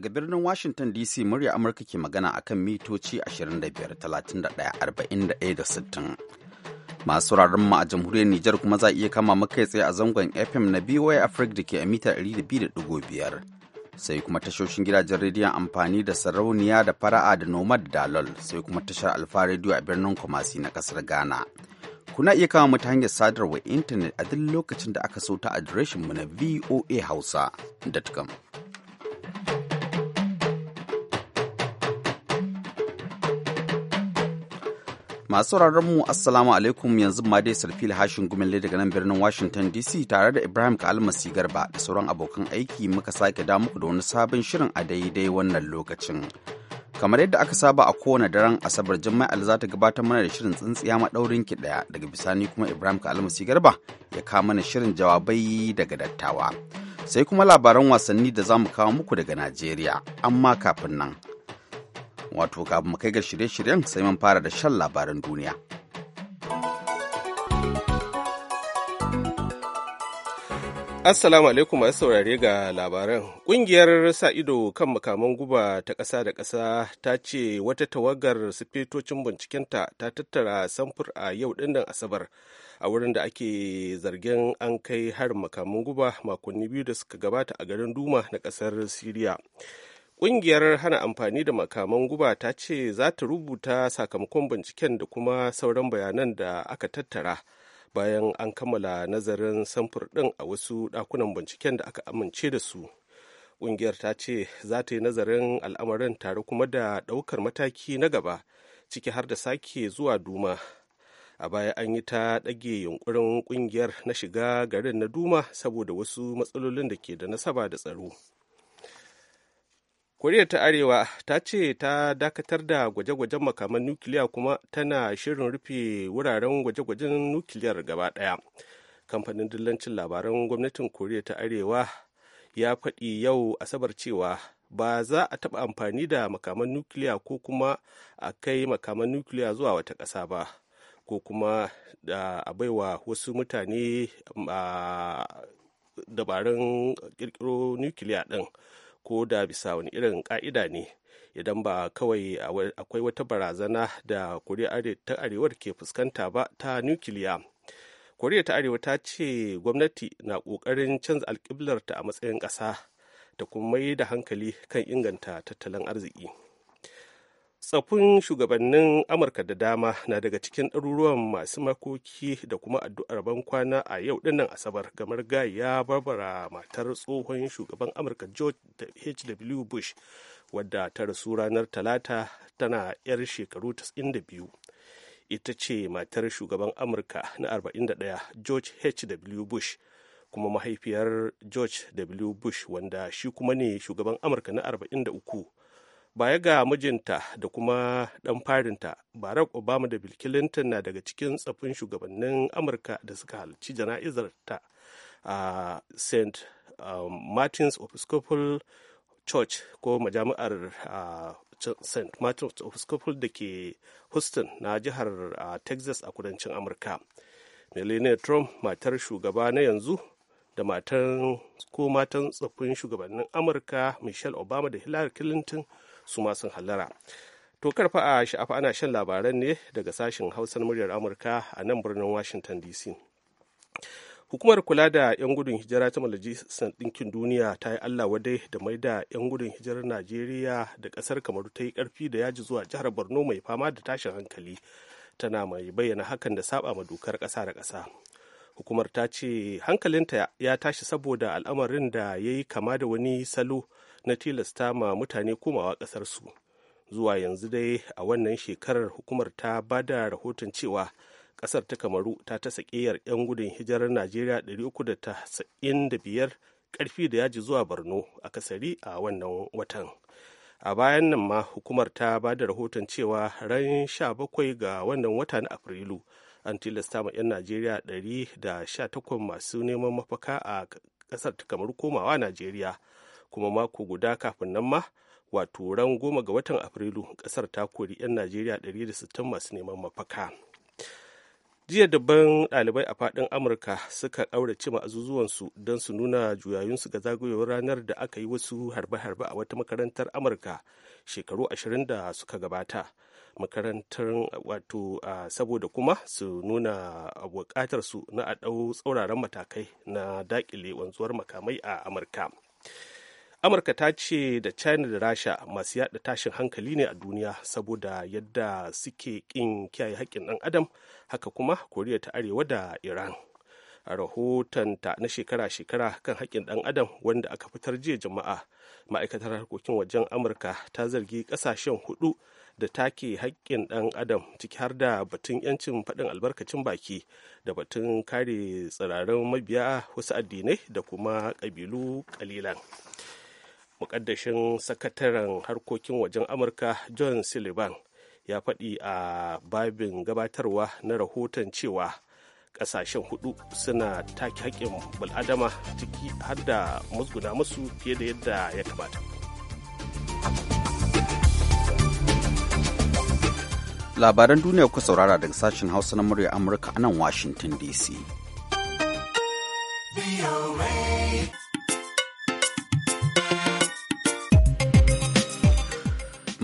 Daga birnin Washington DC murya Amurka ke magana a kan mitoci 25, masu wuraren mu a jamhuriyar Nijar kuma za a iya kama makai tsaye a zangon FM na BOA Africa da ke a mita 200.5 sai kuma tashoshin gidajen rediyon amfani da sarauniya da fara'a da nomad dalol sai kuma tashar alfa rediyo a birnin Kumasi na kasar Ghana. Kuna iya kama mu hanyar sadarwa intanet a duk lokacin da aka so ta adireshin mu na voa voahausa.com. Masu mu Assalamu alaikum yanzu ma dai sarfil hashin lai daga nan birnin Washington DC tare da Ibrahim Kalmasi Garba da sauran abokan aiki muka sake da da wani sabon shirin a daidai wannan lokacin. Kamar yadda aka saba a kowane daren Asabar Jummai za ta gabatar mana da shirin tsintsiya maɗaurin ki ɗaya daga bisani kuma Ibrahim Kalmasi Garba ya kawo mana shirin jawabai daga dattawa. Sai kuma labaran wasanni da za mu kawo muku daga Najeriya, amma kafin nan wato kafin mu kai ga shirye-shiryen sai mun fara da shan labaran duniya. Assalamu alaikum masu saurare ga labaran. Ƙungiyar sa ido kan makaman guba ta ƙasa da ƙasa ta ce wata tawagar sifetocin bincikenta ta tattara samfur a yau ɗinnan Asabar a wurin da ake zargin an kai harin makaman guba makonni biyu da suka gabata a garin Duma na ƙasar Siriya. Ƙungiyar hana amfani da makaman guba ta ce za ta rubuta sakamakon binciken da kuma sauran bayanan da aka tattara bayan an kammala nazarin samfur ɗin a wasu ɗakunan binciken da aka amince da su. Ƙungiyar ta ce za ta yi nazarin al'amarin tare kuma da ɗaukar mataki na gaba ciki har da sake zuwa duma. a baya an yi ta ɗage yunƙurin ƙungiyar na shiga garin na duma saboda wasu matsalolin da ke da nasaba da tsaro koriya ta arewa ta ce ta dakatar da gwaje-gwajen makaman nukiliya kuma tana shirin rufe wuraren gwaje-gwajen nukiliyar gaba daya kamfanin dillancin labaran gwamnatin koriya ta arewa ya faɗi yau asabar cewa ba za a taɓa amfani da makaman nukiliya ko kuma a kai makaman nukiliya zuwa wata ƙasa ba ko kuma da a baiwa wasu mutane dabarun ƙirƙiro nukiliya ɗin ko da bisa wani irin ka'ida ne idan ba kawai akwai wata barazana da koriya ta arewar ke fuskanta ba ta nukiliya koriya ta arewa ta ce gwamnati na kokarin canza ta a matsayin ƙasa ta kuma mai da hankali kan inganta tattalin arziki. tsafin shugabannin amurka da dama na daga cikin ɗaruruwan masu makoki da kuma addu'ar ban kwana a yau dinnan asabar gamar gaya barbara matar tsohon shugaban amurka george hw bush wadda ta rasu ranar talata tana 'yar shekaru 92 ita ce matar shugaban amurka na 41 george hw bush kuma mahaifiyar george w bush wanda shi kuma ne shugaban amurka na 43 baya ga mijinta da kuma ɗan farinta barack obama da bill clinton na daga cikin tsafin shugabannin amurka da suka halarci jana'izar ta a st um, martins episcopal church ko majami'ar st martins episcopal da ke houston na jihar texas a kudancin amurka melania trump matar shugaba na yanzu da matan ko matan tsoffin shugabannin amurka michelle obama da hillary clinton su ma sun hallara to karfa a sha'afa ana shan labaran ne daga sashen hausar muryar amurka a nan birnin washington dc hukumar kula da 'yan gudun hijira ta majalisar ɗinkin duniya ta yi allah wadai da mai da 'yan gudun hijirar najeriya da ƙasar kamar ta yi ƙarfi da yaji zuwa jihar borno mai fama da tashin hankali tana mai bayyana hakan da saba ma dokar ƙasa da ƙasa hukumar ta ce hankalinta ya tashi saboda al'amarin da ya yi kama da wani salo na tilasta ma mutane komawa su zuwa yanzu dai a wannan shekarar hukumar ta ba da rahoton cewa ƙasar ta kamaru ta ta sakiyar 'yan gudun hijirar najeriya 395 ƙarfi da yaji zuwa borno a kasari a wannan watan a bayan nan ma hukumar ta ba da rahoton cewa ran 17 ga wannan wata na afrilu an tilasta ma 'yan najeriya 118 masu neman mafaka a ƙasar ta kamaru komawa najeriya kuma mako guda kafin nan ma wato ran goma ga watan afrilu kasar ta kori 'yan najeriya 160 masu neman mafaka jiya dabban ɗalibai a faɗin amurka suka ƙaurace azuzuwansu don su nuna juyayunsu ga zagayowar ranar da aka yi wasu harbe-harbe a wata makarantar amurka shekaru ashirin da suka gabata makarantar wato saboda kuma su nuna buƙatar su na a ɗau tsauraran matakai na dakile wanzuwar makamai a amurka amurka ta ce da china da rasha masu yada tashin hankali ne a duniya saboda yadda suke kin kiyaye haƙƙin ɗan adam haka kuma koriya ta arewa da iran a ta na shekara-shekara kan haƙƙin ɗan adam wanda aka fitar jiya jama'a ma'aikatar harkokin wajen amurka ta zargi ƙasashen hudu da take haƙƙin ɗan adam ciki har da batun 'yancin faɗin albarkacin baki da batun kare tsirarin mabiya wasu addinai da kuma ƙabilu ƙalilan mukaddashin sakataren harkokin wajen amurka john sullivan ya faɗi a babin gabatarwa na rahoton cewa ƙasashen hudu suna take haƙƙin bil'adama ciki har da musguna musu fiye da yadda ya kamata labaran duniya kuka saurara daga sashen hausa na murya amurka a nan washington dc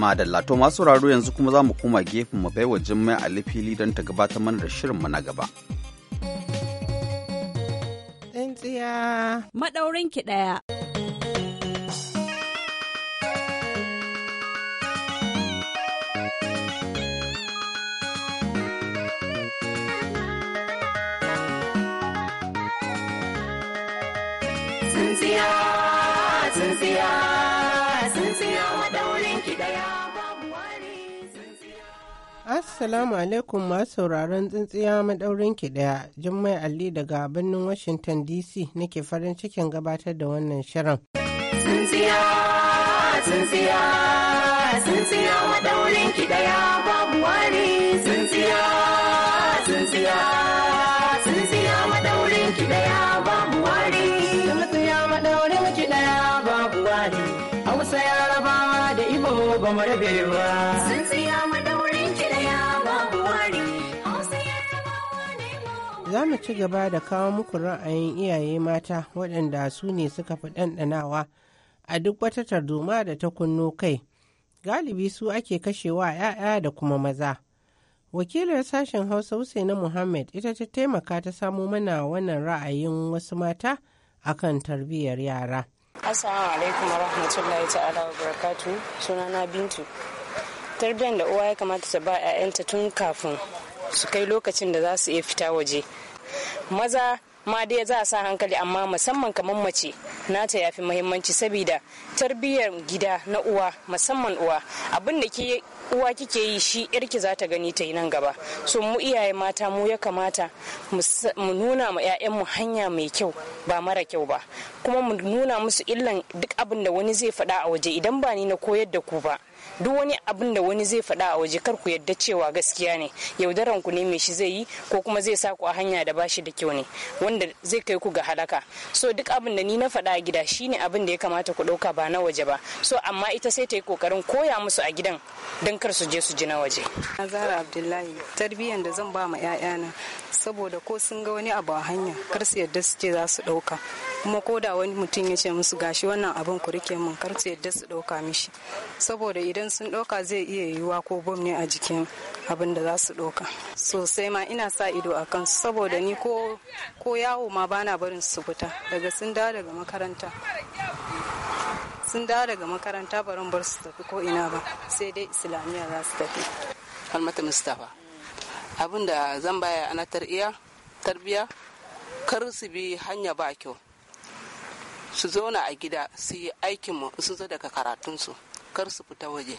Madalla to masu raro yanzu kuma za mu koma gefen mu baiwa Jummai Ali fili don ta gabatar mana da shirin mu na gaba. Tsintsiya. Maɗaurinki ɗaya. Assalamu alaikum masu sauraron tsintsiya madaurin ki ɗaya, Jummai Ali daga birnin Washington DC nake farin cikin gabatar da wannan shirin. Tsintsiya, tsintsiya, tsintsiya za mu ci gaba da kawo muku ra'ayin iyaye mata waɗanda su ne suka fi ɗanɗanawa a duk wata tarzoma da ta kunno kai galibi su ake kashewa 'ya'ya da kuma maza wakilar sashen hausa na muhammad ita ta taimaka ta samo mana wannan ra'ayin wasu mata akan tarbiyyar yara assalamu alaikum warahmatullahi ta'ala wa barakatu sunana bintu tarbiyyar da uwa ya kamata ta ba 'ya'yanta tun kafin su kai lokacin da za su iya fita waje maza ma dai za a sa hankali amma musamman kamar mace nata ya fi muhimmanci saboda tarbiyyar gida na uwa musamman uwa abin da ke uwa kike yi shi yarki za ta gani ta yi nan gaba so mu iyaye mata mu ya kamata mu nuna ma 'ya'yanmu hanya mai kyau ba mara kyau ba kuma mu nuna musu illan duk abin da wani zai faɗa a waje idan ba ni na koyar da ku ba duk wani abin da wani zai faɗa a waje kar ku yadda cewa gaskiya ne yaudaran ku ne mai shi zai yi ko kuma zai sa ku a hanya da bashi da kyau ne wanda zai kai ku ga halaka so duk abin da ni na faɗa a gida shine abin da ya kamata ku ɗauka ba na waje ba so amma ita sai ta yi kokarin koya musu a gidan don kar su je su ji na waje. Zara Abdullahi tarbiyyar da zan ba ma 'ya'yana saboda ko sun ga wani abu a hanya kar su yadda su ce za su ɗauka kuma ko da wani mutum ya ce musu gashi wannan abin ku rike mun kar su yadda su ɗauka mishi saboda idan sun ɗauka zai iya yiwuwa ko bom ne a jikin abin da za su ɗauka sosai ma ina sa ido a kansu saboda ni ko yawo ma bana barin su fita daga sun dawo daga makaranta sun dawo daga makaranta barin bar su tafi ko ina ba sai dai islamiyya za su tafi halmata mustafa abin da zan baya anatar iya tarbiya kar su bi hanya ba kyau su zauna a gida su yi aikinmu su zo daga karatunsu kar su fita waje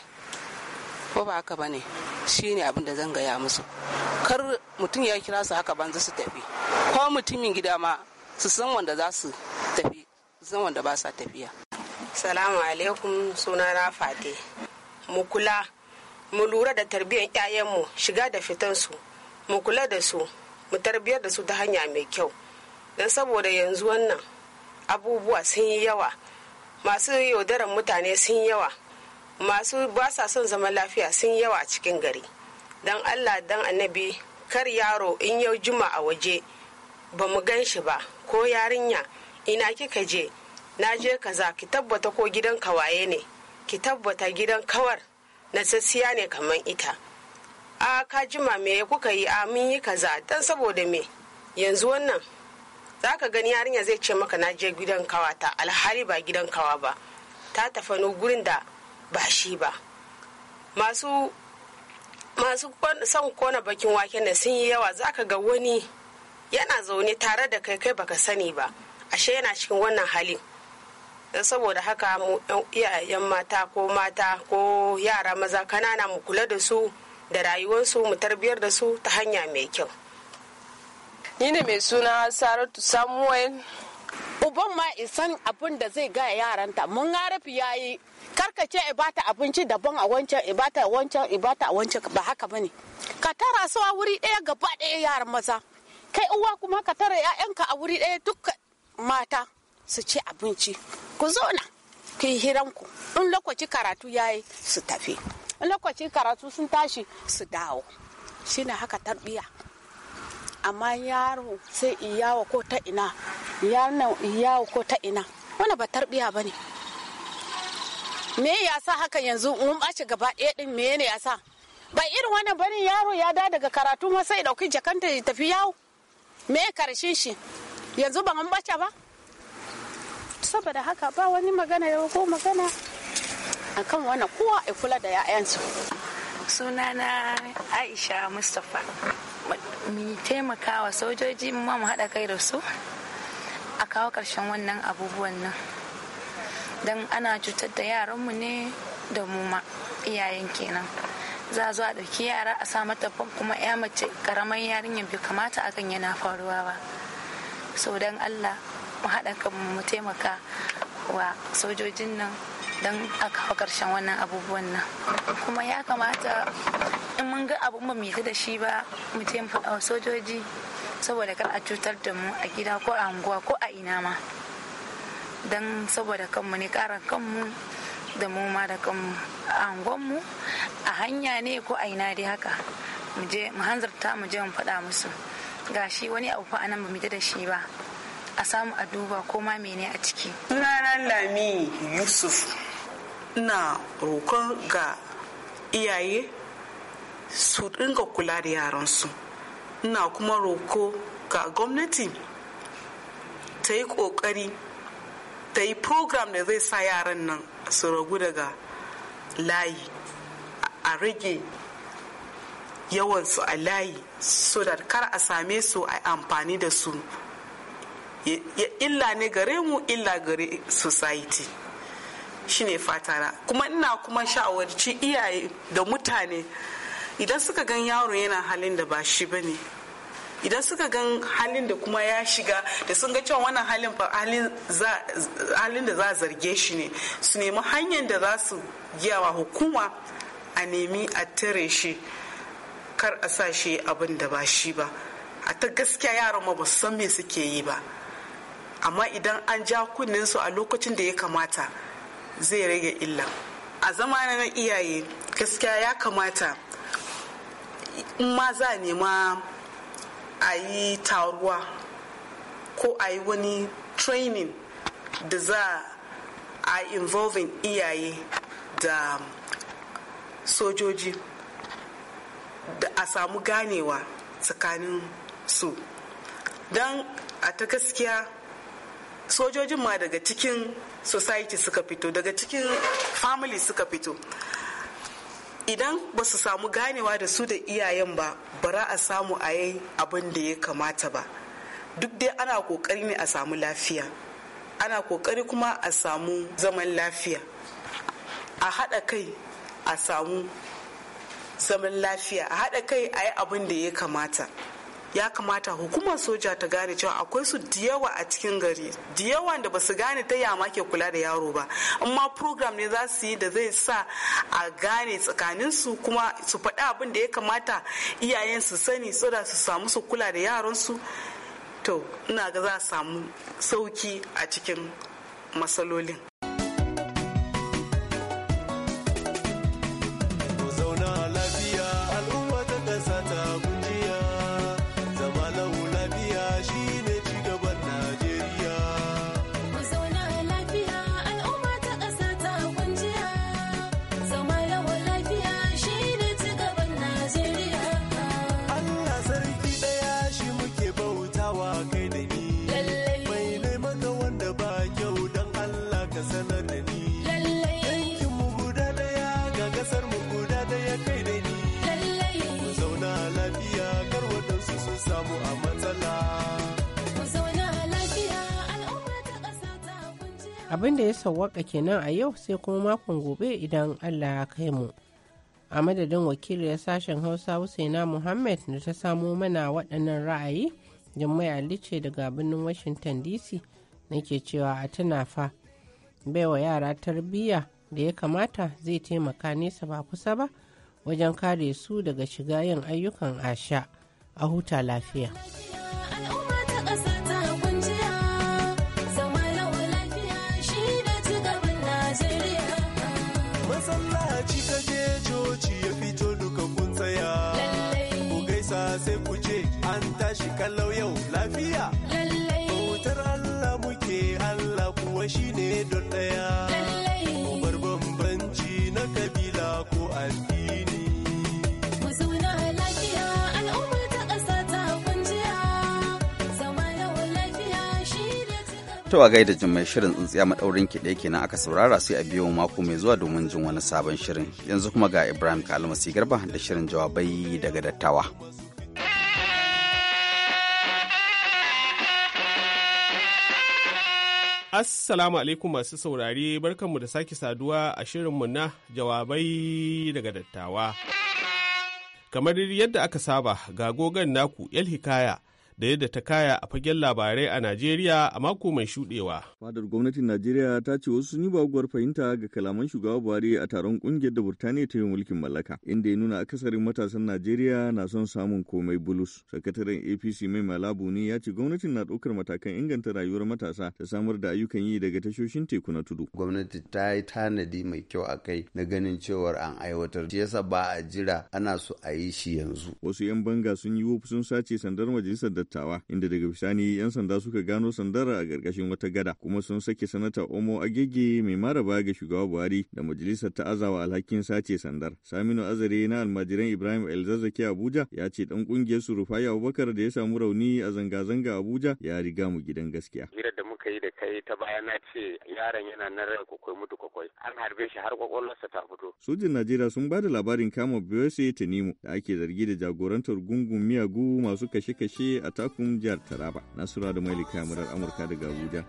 ko ba haka bane shine abin da zan gaya musu kar mutum ya kira su haka banza su tafi ko mutumin gida ma su san wanda za su tafi san wanda ba sa tafiya salamu alaikum suna na fate mu kula mu lura da tarbiyyar ƴaƴanmu shiga da fitansu mu kula da su mu tarbiyar da su ta hanya mai kyau don saboda yanzu wannan abubuwa sun yi yawa masu yaudarar mutane sun yawa masu basa son zaman lafiya sun yawa a cikin gari don allah don annabi kar yaro in yau juma a waje ba mu gan shi ba ko yarinya ina kika je na je kaza ki tabbata ko gidan kawaye ne ki tabbata gidan kawar na sassiya ne kamar ita a ka jima me kuka yi a mun yi kaza Dan saboda me yanzu wannan za ka gani yarinya zai ce maka na je gidan kawa ta alhali ba gidan kawa ba ta tafano gurin da ba shi ba masu son kona bakin waken nan sun yi yawa za ka ga wani yana zaune tare da kai kai baka sani ba ashe yana cikin wannan hali. saboda haka mu iyayen mata ko mata ko yara maza kanana mu kula da su da rayuwarsu mu tarbiyar da su ta hanya mai kyau ni ne mai suna saratu samuel uban ma isan abin da zai gaya yaranta mun harafi ya yi karkace ibata abinci daban a wancan ibata a wancan ibata a wancan ba haka ba ne ka tara su a wuri ɗaya gaba ɗaya yaran maza kai uwa kuma ka tara 'ya'yanka a wuri ɗaya duka mata su ci abinci ku zo ku yi hiranku in lokaci karatu ya yi su tafi in lokaci karatu sun tashi su dawo shine haka tarbiya amma yaro sai iyawa ko ta ina yaron iyawa ko ta ina wani ba tarbiya ba ne me ya sa haka yanzu mun ɓace gaba ɗaya ɗin me ne ya sa ba irin wannan bane yaro ya da daga karatu ma sai ɗauki jakanta ya tafi yawo me karshen shi yanzu ba mun ɓace ba saboda haka ba wani magana ya ko magana akan wannan kowa ya kula da 'ya'yansu sunana aisha mustapha mu taimakawa sojoji mu mu haɗa kai da su a kawo ƙarshen wannan abubuwan nan don ana cutar da yaranmu ne da mu ma iyayen kenan za a zo a ɗauki yara a sa mata kuma ya mace ƙaramin yarinyar bai kamata akan yana faruwa ba so don allah mu haɗa kanmu mu taimaka wa sojojin nan don a kawo karshen wannan abubuwan nan kuma ya kamata in mun ga abu ba mu da shi ba mu mu faɗa sojoji saboda kar a cutar da mu a gida ko a unguwa ko a ina ma don saboda kanmu ne karan kanmu da mu ma da kanmu a mu a hanya ne ko a ina dai haka mu je mu hanzarta mu je mu faɗa musu shi wani abu fa anan ba mu da shi ba a samu a duba ko ma mene a ciki sunana lami yusuf ina roƙon ga iyaye su dinga kula da yaransu ina kuma roko ga gwamnati ta yi ƙoƙari ta yi program da zai sa yaran nan su ragu daga layi a rage yawansu a layi so da kar a same su a amfani da su illa ne gare mu illa gare society shine fatana kuma ina kuma sha'awarci iyaye da mutane idan suka gan yaro yana halin da ba shi ne idan suka gan halin da kuma ya shiga da sun ga cewa wannan halin halin da za a zarge shi ne su nemi hanyar da za su wa hukuma a nemi a tare shi kar a sa shi abin da ba shi ba a ta gaskiya yaran ma ba san me suke yi ba amma idan an ja kunnen su a lokacin da ya kamata zai rage illa a zamana na iyaye gaskiya ya kamata in ma za a nema a yi taruwa ko a yi wani training da za a involving iyaye da sojoji da a samu ganewa tsakanin su don a ta gaskiya sojojin ma daga cikin society suka fito daga cikin family suka fito idan ba su samu ganewa da su da iyayen ba bara a samu a yi abin da ya kamata ba duk dai ana kokari ne a samu lafiya ana kokari kuma a samu zaman lafiya a haɗa kai a samu zaman lafiya a haɗa kai a yi abin da ya kamata ya kamata hukumar soja ta gane cewa akwai su da yawa a cikin gari da yawa da ba su gane ta yama ke kula da yaro ba amma program ne za su yi da zai sa a gane tsakanin su kuma su faɗi abin da ya kamata iyayen su sani so da su samu su kula da yaron su to ina ga za a samu sauki a cikin matsalolin abin da ya sawwaka kenan a yau sai kuma makon gobe idan allah ya kai mu a madadin Wakilin sashen hausa husaina muhammad da ta samo mana waɗannan ra'ayi Jummai ali ce daga birnin washington dc nake cewa a tuna fa baiwa yara tarbiyya da ya kamata zai taimaka nesa ba kusa ba wajen kare su daga shiga yin ayyukan asha a huta lafiya. kallau yau lafiya bautar Allah muke Allah kuwa ne don daya bar bambanci na kabila ko addini To a gaida jin mai shirin tsintsiya maɗaurin kiɗe kenan aka saurara sai a biyo mako mai zuwa domin jin wani sabon shirin. Yanzu kuma ga Ibrahim Kalmasi Garba da shirin jawabai daga dattawa. Assalamu alaikum masu saurare barkanmu da sake saduwa a shirinmu na jawabai daga dattawa. Kamar yadda aka saba ga gogon naku 'yar Hikaya da yadda ta kaya a fagen labarai a Najeriya a mako mai shudewa. Fadar gwamnatin Najeriya ta ce wasu sun yi baguwar fahimta ga kalaman shugaba Buhari a taron kungiyar da Burtaniya ta yi mulkin mallaka, inda ya nuna akasarin matasan Najeriya na son samun komai bulus. Sakataren APC mai malabu ne ya ce gwamnatin na ɗaukar matakan inganta rayuwar matasa ta samar da ayyukan yi daga tashoshin teku na tudu. Gwamnati ta yi tanadi mai kyau a kai na ganin cewar an aiwatar. Shi yasa ba a jira ana so a yi shi yanzu. Wasu 'yan banga sun yi wofu sun sace sandar majalisar da dattawa inda daga bisani 'yan sanda suka gano sandara a gargashin wata gada kuma sun sake sanata Omo Agege mai maraba ga shugaba Buhari da majalisar ta azawa alhakin sace sandar. Saminu Azare na almajiran Ibrahim Elzazzaki Abuja ya ce dan kungiyar su Rufai Abubakar da ya samu rauni a zanga-zanga Abuja ya riga mu gidan gaskiya. Hirar da muka yi da kai ta baya na ce yaron yana nan rai kwakwai mutu kwakwai an harbe shi har kwakwalwarsa ta fito. Sojin Najeriya sun ba da labarin kama ta nimu da ake zargi da jagorantar gungun miyagu masu kashe-kashe a takun jihar Taraba. Nasura da Maili Kamarar Amurka daga Abuja.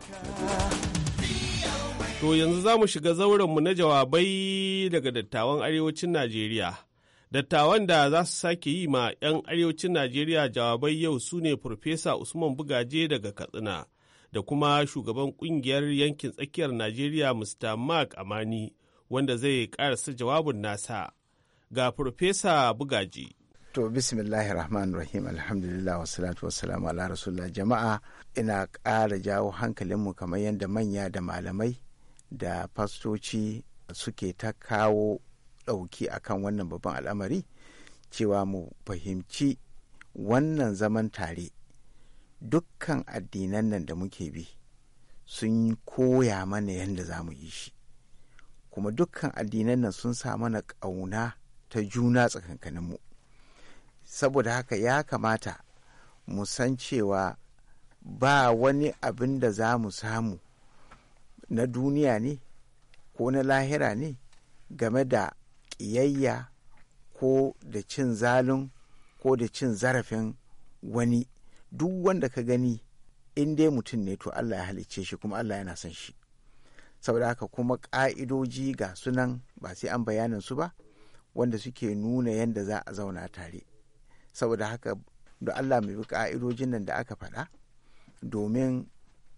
To yanzu za mu shiga mu na jawabai daga dattawan arewacin Najeriya. Dattawan da za su sake yi ma 'yan arewacin Najeriya jawabai yau su ne Farfesa Usman Bugaje daga Katsina da kuma shugaban kungiyar yankin tsakiyar Najeriya Mr. Mark Amani wanda zai karasa jawabin nasa. Ga Farfesa Bugaje. To bismillahir rahmanir rahim alhamdulillah wassalamu ala rasulullah jama'a ina ƙara jawo hankalinmu kamar yadda manya da malamai da fastoci suke ta kawo ɗauki akan wannan babban al'amari cewa mu fahimci wannan zaman tare dukkan addinan nan da muke bi sun koya mana yadda za mu yi shi kuma dukkan addinan nan sun sa mana ƙauna ta juna tsakankaninmu saboda haka ya kamata mu san cewa ba wani abin da za mu samu na duniya ne ko na lahira ne game da ƙiyayya ko da cin zalun ko da cin zarafin wani duk wanda ka gani in dai mutum ne to Allah ya halicce shi kuma Allah yana son shi saboda haka kuma ƙa'idoji ga sunan ba sai an bayanin su ba wanda suke nuna yadda za a zauna tare saboda haka da allah mai bi ka'idojin nan da aka faɗa domin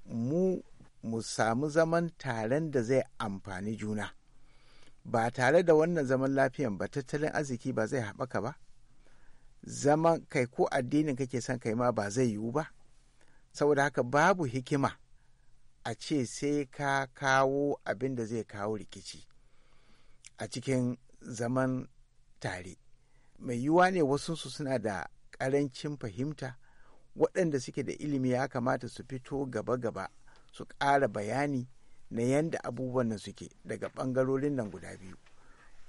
mu mu samu zaman taren da zai amfani juna ba tare da wannan zaman lafiyan ba tattalin arziki ba zai haɓaka ba zaman kai ko addinin kake son kai ma ba zai yiwu ba saboda haka babu hikima a ce sai ka kawo abin da zai kawo rikici a cikin zaman tare mai yiwuwa ne wasunsu suna da ƙarancin fahimta waɗanda suke da ilimi ya kamata su fito gaba-gaba su ƙara bayani na yadda abubuwan nan suke daga ɓangarorin nan guda biyu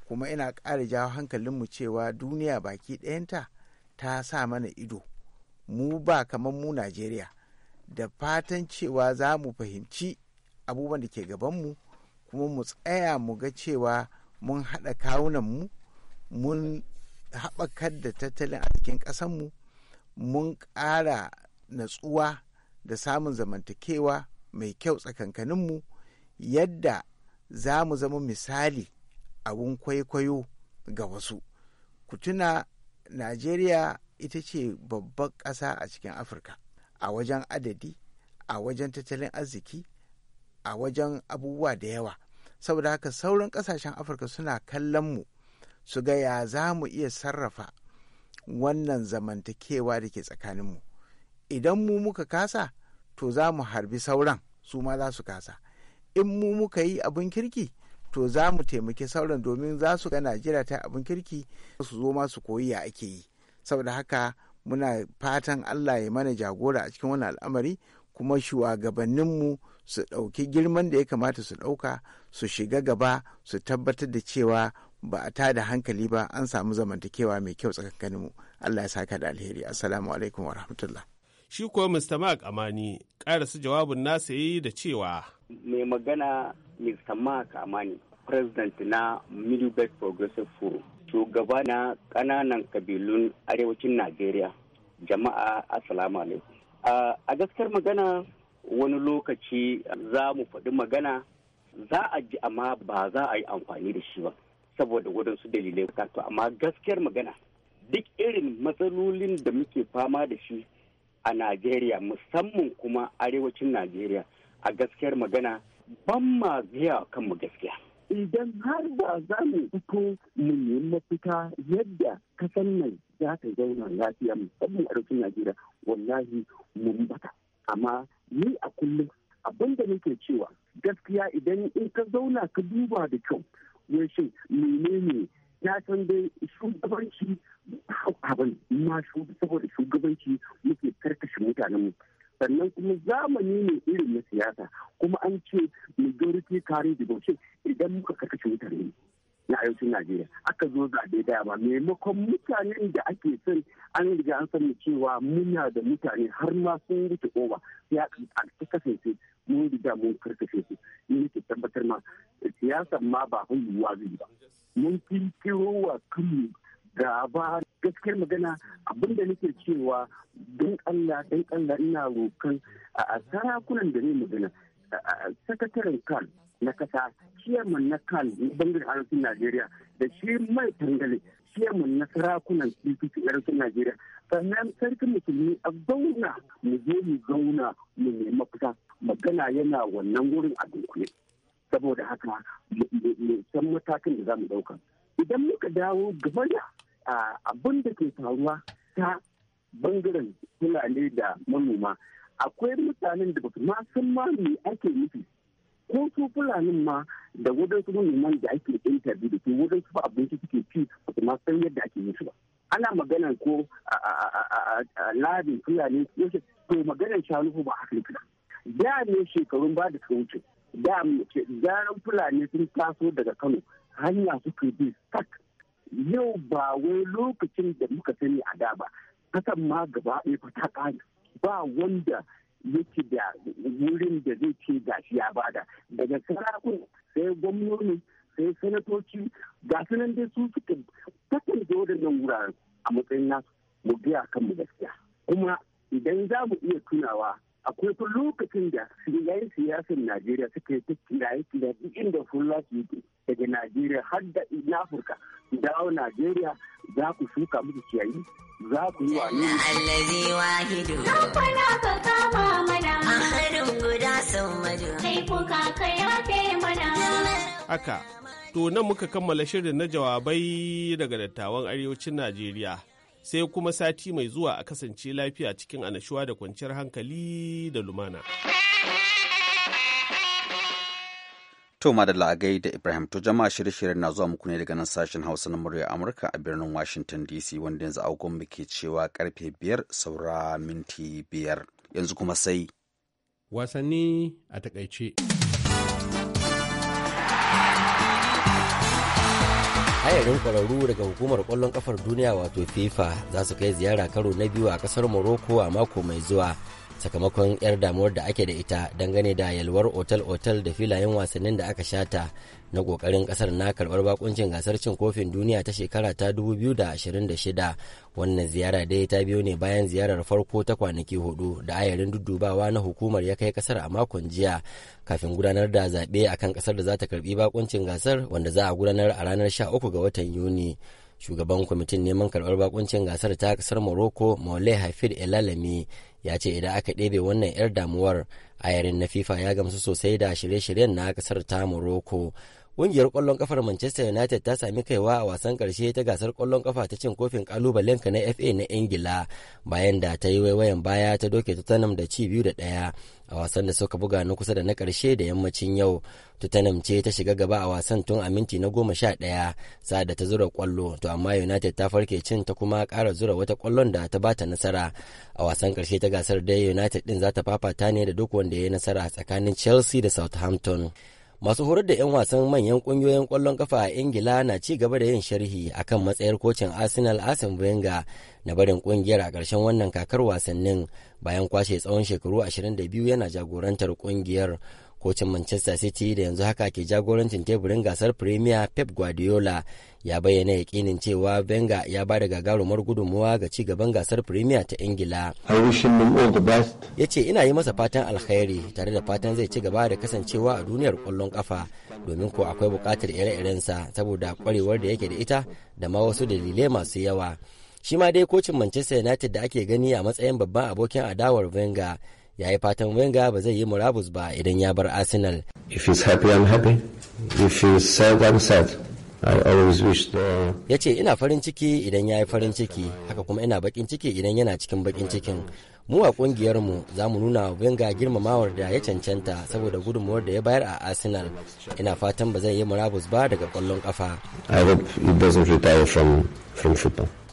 kuma ina ƙara jawo hankalinmu cewa duniya baki ɗayanta ta sa mana ido mu ba kamar mu najeriya da fatan cewa za mu fahimci abubuwan da ke gabanmu kuma mu tsaya mu ga cewa mun haɗa kawunan mu mun haɓakar da tattalin arzikin ƙasanmu mun ƙara natsuwa da samun zamantakewa mai kyau tsakankaninmu yadda za mu zama misali abun kwaikwayo ga wasu kutuna tuna najeriya ita ce babban ƙasa a cikin afirka a wajen adadi a wajen tattalin arziki a wajen abubuwa da yawa saboda haka sauran ƙasashen afirka suna kallon mu su ga ya za mu iya sarrafa wannan zamantakewa da ke tsakaninmu idan mu muka kasa to za mu harbi sauran su ma za su kasa in mu muka yi abin kirki to za mu taimaki sauran domin za su ga najeriya ta abin kirki su zo ma su koyi ya ake yi saboda haka muna fatan allah ya mana jagora a cikin wani al'amari kuma shugabanninmu su ɗauki girman da ya kamata su ɗauka su shiga gaba su tabbatar da cewa ba a ta da hankali ba an samu zamantakewa mai kyau tsakaninmu allah ya saka da alheri assalamu alaikum wa rahmatullah shi kuwa mr mark amani karasa jawabin nasa yi da cewa mai magana mr mark amani president na middle belt progressive forum shugaba na kananan kabilun arewacin najeriya jama'a assalamu alaikum a gaskiyar magana wani lokaci za mu faɗi magana za a ji amma ba za a yi amfani da shi ba saboda wadansu dalilai to amma gaskiyar magana duk irin matsalolin da muke fama da shi a najeriya musamman kuma arewacin najeriya a gaskiyar magana ban ma gaya kanmu gaskiya idan har ba za mu fito mu nemi mafita yadda kasan nan za ta zauna lafiya musamman arewacin najeriya wallahi mun bata amma ni a kullum abin da nake cewa gaskiya idan in ka zauna ka duba da kyau ya shi menene na san dai shugabanci abin ma saboda shugabanci muke karkashe mutanen sannan kuma zamani ne irin na siyasa kuma an ce majority carry the vote idan muka karkashe mutane na arewacin najeriya aka zo zaɓe da ba maimakon mutanen da ake son an riga an sani cewa muna da mutane har ma sun wuce oba ya ta kasance mun riga mun karkashe su ni ke tabbatar ma siyasa ma ba hun yiwuwa zai ba mun kirkiro wa kanmu da ba gaskiyar magana abinda nake cewa don allah don allah ina rokan a sarakunan da ne magana sakataren kan na kasa ciyaman na kan bangaren arzikin najeriya da shi mai tangale ciyaman na sarakunan titi arewacin najeriya sannan sarkin musulmi a zauna mu je mu zauna mu nema kusa magana yana wannan wurin a dunkule saboda haka mu san matakin da za mu ɗauka idan muka dawo gaba da abin da ke faruwa ta bangaren fulani da manoma akwai mutanen da ba ma san ma me ake nufi ko su fulanin ma da wadansu manoman da ake interview da su wadansu ba abinci suke ci ba ma san yadda ake yin su ba ana magana ko labin fulani yake to maganar shanu ba haka ne da ne shekarun ba da suka wuce da gyaran fulani sun taso daga kano hanya suka bi sak yau ba wai lokacin da muka sani a da ba kasan ma gaba ɗaya ta ba wanda yake da wurin da zai ce gashi ya bada daga sarakun sai gwamnoni sai sanatoci ga su nan dai su suka da wadannan wuraren a matsayin nasu mu biya kan mu gaskiya kuma idan za mu iya tunawa akwai fa lokacin da yayin siyasar najeriya suka yi kiraye da inda fulla su daga najeriya har da afirka dawo najeriya za ku shuka muku ciyayi za ku yi wani. Allazi wahidu. kwana ka kama mana. A harin guda sau madu. Kai kuka ka yafe mana. Haka, to nan muka kammala shirin na jawabai daga dattawan arewacin Najeriya. Sai kuma sati mai zuwa a kasance lafiya cikin anashuwa da kwanciyar hankali da lumana. To madalla a da Ibrahim to jama'a shirye-shiryen na zuwa muku ne daga nan sashen Hausa na murya Amurka a birnin Washington DC wanda yanzu agon muke cewa karfe biyar saura minti biyar yanzu kuma sai. Wasanni a takaice. hayarin kwararru daga hukumar kwallon kafar duniya wato fifa za su kai ziyara karo na biyu a kasar morocco a mako mai zuwa sakamakon 'yar damuwar da ake da ita dangane da yalwar otal-otal da filayen wasannin da aka shata na kokarin kasar na karbar bakuncin gasar cin kofin duniya ta shekara ta 2026 wannan ziyara dai ta biyo ne bayan ziyarar farko ta kwanaki hudu da ayarin duddubawa na hukumar ya kai kasar a makon jiya kafin gudanar da zaɓe akan kasar da za ta karbi bakuncin gasar wanda za a gudanar a ranar 13 ga watan yuni shugaban kwamitin neman karbar bakuncin gasar ta kasar morocco maule hafid elalami ya ce idan aka ɗebe wannan 'yar damuwar ayarin na fifa ya gamsu sosai da shirye-shiryen na kasar ta morocco ƙungiyar ƙwallon ƙafar manchester united ta sami kaiwa a wasan ƙarshe ta gasar ƙwallon ƙafa ta cin kofin ƙalubalenka na fa na ingila bayan da ta yi waiwayen baya ta doke tottenham da ci biyu da ɗaya a wasan da suka buga na kusa da na karshe da yammacin yau tottenham ce ta shiga gaba a wasan tun a minti na goma sha ɗaya sa'ad da ta zura kwallo to amma united ta farke cin ta kuma ƙara zura wata kwallon da ta bata nasara a wasan karshe ta gasar dai united din za ta fafata ne da duk wanda ya yi nasara tsakanin chelsea da southampton Masu horar da 'yan wasan manyan ƙungiyoyin ƙwallon kafa a Ingila na ci gaba da yin sharhi akan matsayar kocin Arsenal Arsene Wenger na barin ƙungiyar a ƙarshen wannan kakar wasannin bayan kwashe tsawon shekaru 22 yana jagorantar ƙungiyar. kocin manchester city da yanzu haka ke jagorancin teburin gasar premier pep guardiola ya bayyana yakinin cewa benga ya ba da gagarumar gudunmuwa ga ci gaban gasar premier ta ingila ya ce ina yi masa fatan alkhairi tare da fatan zai ci gaba da kasancewa a duniyar kwallon kafa domin ko akwai bukatar ire-irensa saboda kwarewar da yake da ita da ma wasu dalilai masu yawa shi ma dai kocin manchester united da ake gani a matsayin babban abokin adawar venga ya yi fatan Wenger ba zai yi murabus ba idan ya bar Arsenal. If he's happy, I'm happy. If he's sad, I'm sad. ya ce ina farin ciki idan ya yi farin ciki haka kuma ina bakin ciki idan yana cikin bakin cikin mu a kungiyarmu za mu nuna wa Wenger girmamawar da ya cancanta saboda gudunmuwar da ya bayar a arsenal ina fatan ba zai yi murabus ba daga kwallon kafa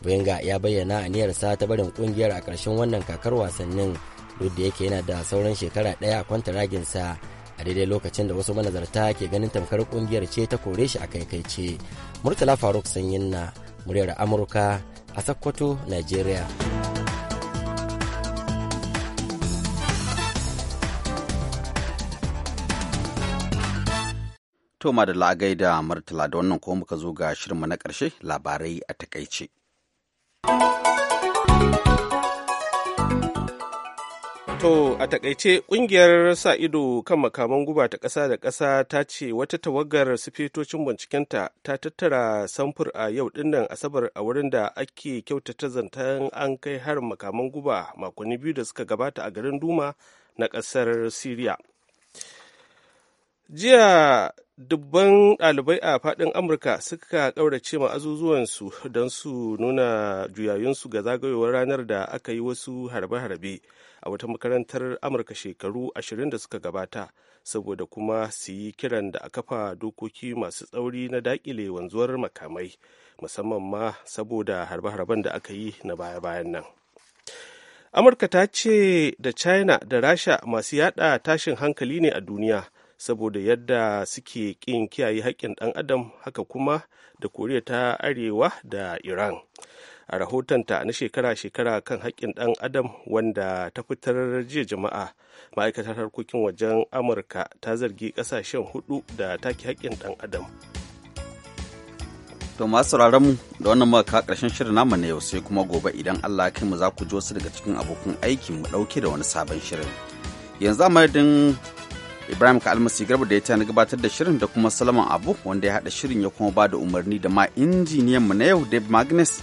Wenger ya bayyana aniyarsa ta barin kungiyar a ƙarshen wannan kakar wasannin duk da yake yana da sauran shekara ɗaya a kwanta kwantaraginsa a daidai lokacin da wasu manazarta ke ganin tamkar kungiyar ce ta kore shi a kai kaikaice murtala faruk sanyin na muryar amurka a sakkwato nigeria To da la'agai da martala da wannan ko muka zo ga shirinmu na ƙarshe labarai a takaice. To a takaice kungiyar sa ido kan makaman guba ta ƙasa da ƙasa ta ce wata tawagar sifitocin bincikenta ta tattara samfur a yau dinnan asabar a wurin da ake kyautata zantan an kai harin makaman guba makonni biyu da suka gabata a garin Duma na ƙasar Siriya. Jiya dubban ɗalibai a faɗin amurka suka ƙaurace ma azuzuwansu don su nuna juyayunsu ga zagayowar ranar da aka yi wasu harbe-harbe a wata makarantar amurka shekaru ashirin da suka gabata saboda kuma su yi kiran da a kafa dokoki masu tsauri na dakile wanzuwar makamai musamman ma saboda harbe-harben da aka yi na baya-bayan nan amurka ta ce da china da rasha masu yada tashin hankali ne a duniya saboda yadda suke ƙin kiyaye haƙƙin ɗan adam haka kuma da koriya ta arewa da iran a rahotonta na shekara-shekara kan haƙƙin ɗan adam wanda ta fitar jiya jama'a ma'aikatar harkokin wajen amurka ta zargi ƙasashen hudu da take haƙƙin ɗan adam to masu mu da wannan muka ƙarshen shirin namu na yau sai kuma gobe idan allah kai mu za ku ji wasu daga cikin abokan aiki mu ɗauke da wani sabon shirin yanzu a madadin ibrahim ka garba da ya tana gabatar da shirin da kuma salaman abu wanda ya haɗa shirin ya kuma ba da umarni da ma injiniyan mu na yau dave magnus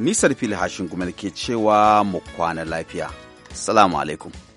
nisar fili hashin ke cewa mu kwana lafiya salamu alaikum